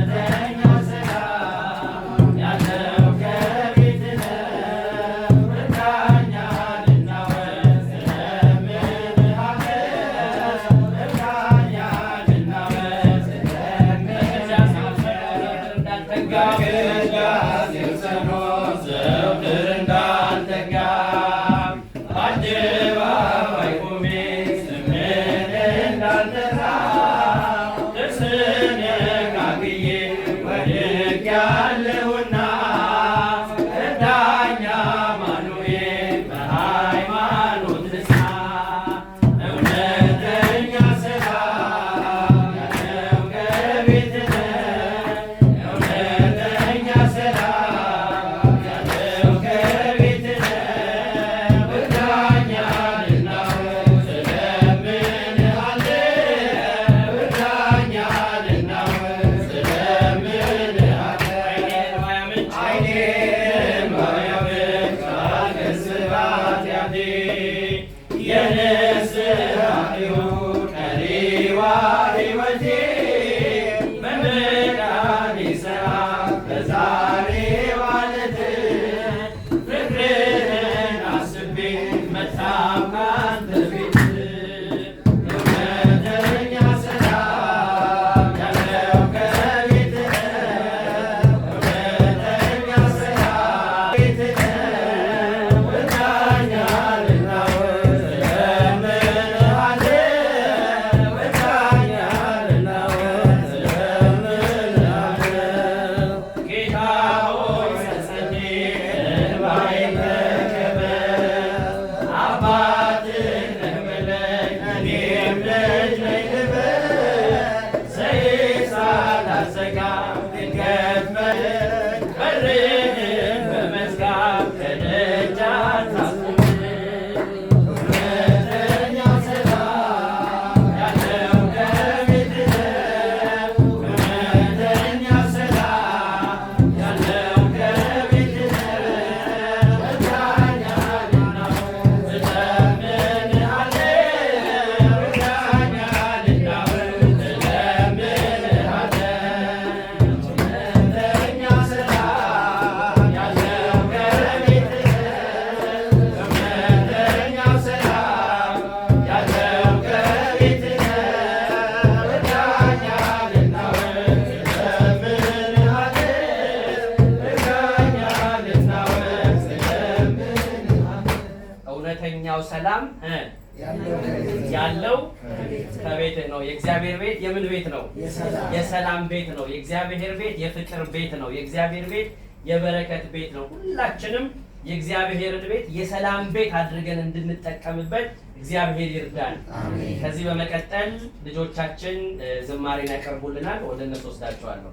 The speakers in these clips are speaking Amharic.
Yeah. ሰላም ያለው ከቤት ነው። የእግዚአብሔር ቤት የምን ቤት ነው? የሰላም ቤት ነው። የእግዚአብሔር ቤት የፍቅር ቤት ነው። የእግዚአብሔር ቤት የበረከት ቤት ነው። ሁላችንም የእግዚአብሔርን ቤት የሰላም ቤት አድርገን እንድንጠቀምበት እግዚአብሔር ይርዳል። ከዚህ በመቀጠል ልጆቻችን ዝማሬን ያቀርቡልናል። ወደ እነሱ ወስዳቸዋለሁ።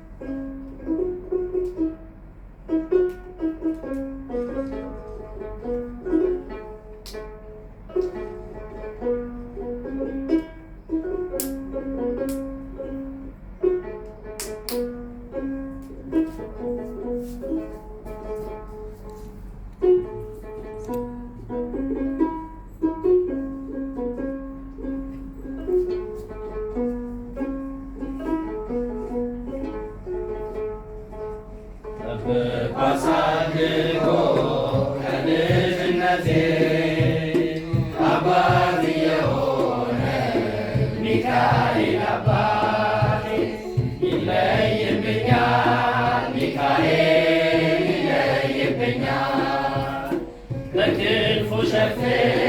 لك الخشفاء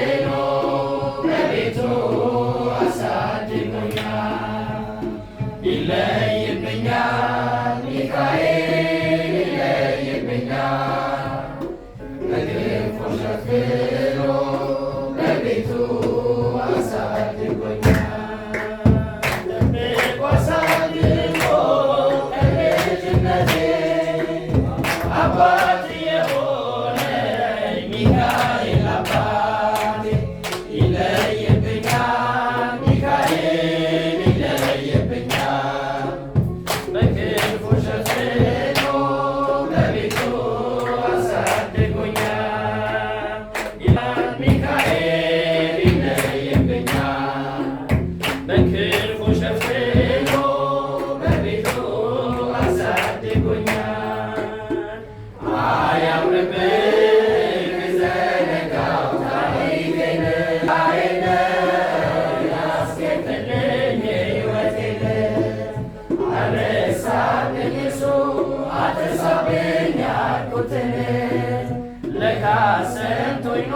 ሚካኤል ይለየብኛ በክንፉ ሸፍኖ በቤቱ አሳድጎኛ አያምርብኝ ብዘነጋው ታሪኬን ታሪኬን ያስጌጥልኝ ሕይወቴን አረሳብኝ እሱ አትርሳብኝ ያልኩትን ለካሰ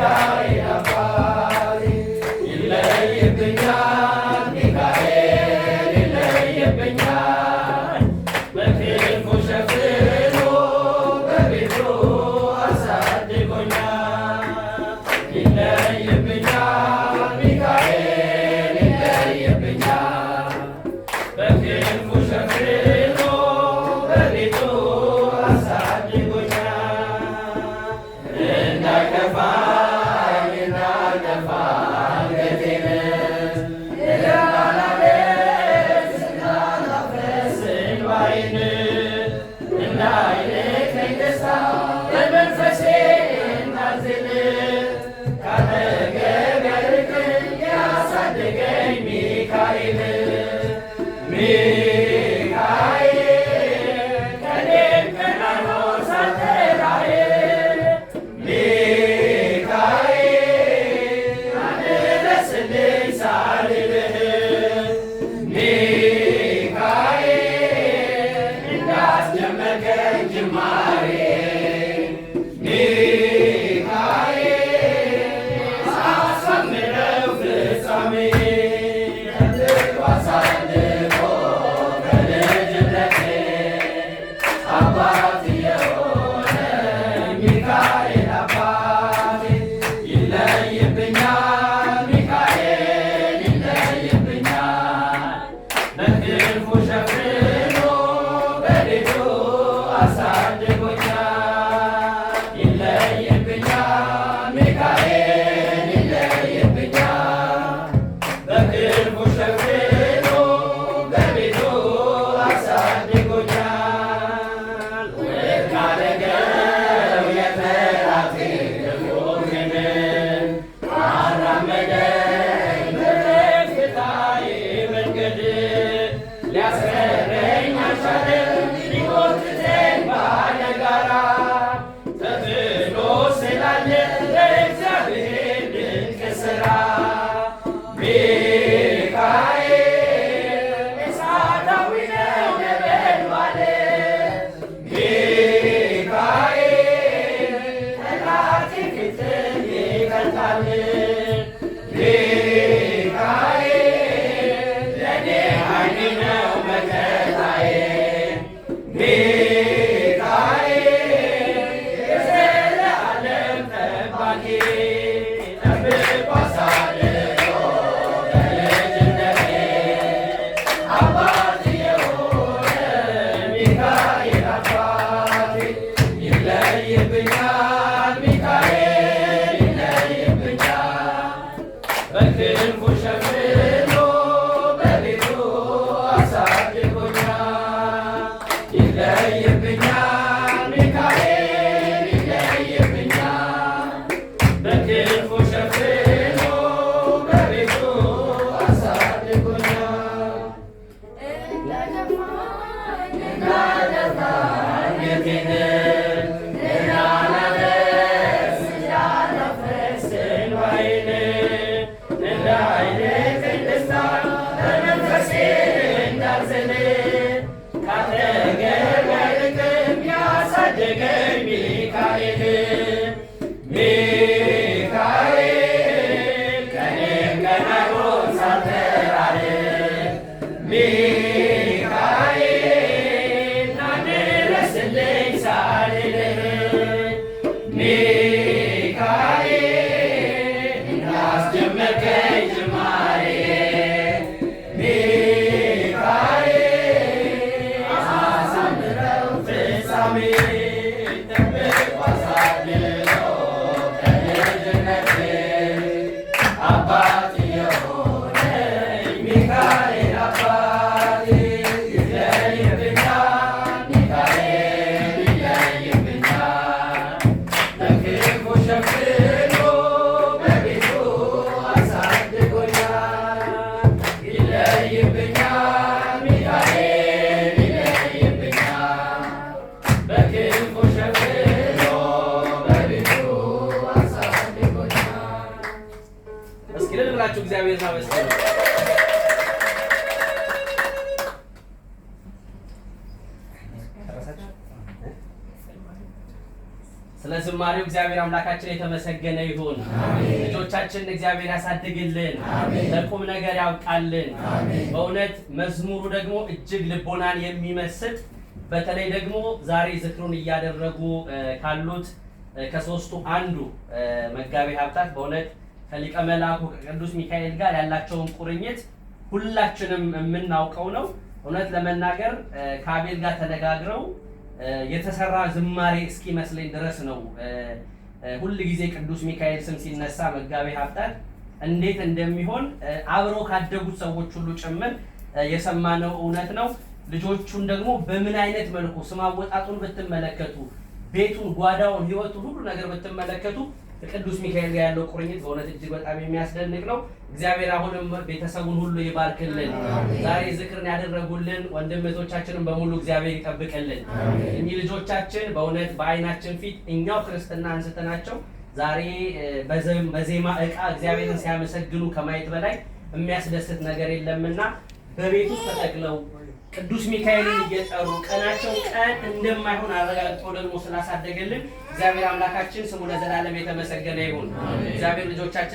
Sita. Amen. Galilee. እግዚአብሔር አመስግኑ። ስለ ዝማሬው እግዚአብሔር አምላካችን የተመሰገነ ይሁን። ልጆቻችንን እግዚአብሔር ያሳድግልን፣ ለቁም ነገር ያብቃልን። በእውነት መዝሙሩ ደግሞ እጅግ ልቦናን የሚመስጥ በተለይ ደግሞ ዛሬ ዝክሩን እያደረጉ ካሉት ከሶስቱ አንዱ መጋቤ ሀብታት በእውነት ከሊቀ መላኩ ከቅዱስ ሚካኤል ጋር ያላቸውን ቁርኝት ሁላችንም የምናውቀው ነው። እውነት ለመናገር ከአቤል ጋር ተነጋግረው የተሰራ ዝማሬ እስኪመስለኝ ድረስ ነው። ሁል ጊዜ ቅዱስ ሚካኤል ስም ሲነሳ መጋቤ ሀብታት እንዴት እንደሚሆን አብረው ካደጉት ሰዎች ሁሉ ጭምር የሰማነው እውነት ነው። ልጆቹን ደግሞ በምን አይነት መልኩ ስም አወጣጡን ብትመለከቱ፣ ቤቱን፣ ጓዳውን፣ ህይወቱን ሁሉ ነገር ብትመለከቱ ቅዱስ ሚካኤል ጋር ያለው ቁርኝት በእውነት እጅግ በጣም የሚያስደንቅ ነው። እግዚአብሔር አሁንም ቤተሰቡን ሁሉ ይባርክልን። ዛሬ ዝክርን ያደረጉልን ወንድምቶቻችንን በሙሉ እግዚአብሔር ይጠብቅልን። እኚህ ልጆቻችን በእውነት በአይናችን ፊት እኛው ክርስትና አንስተናቸው ዛሬ በዜማ እቃ እግዚአብሔርን ሲያመሰግኑ ከማየት በላይ የሚያስደስት ነገር የለምና ውስጥ ተጠቅለው ቅዱስ ሚካኤልን እየጠሩ ቀናቸው ቀን እንደማይሆን አረጋግጦ ደግሞ ስላሳደገልን እግዚአብሔር አምላካችን ስሙ ለዘላለም የተመሰገነ ይሁን። እግዚአብሔር ልጆቻችን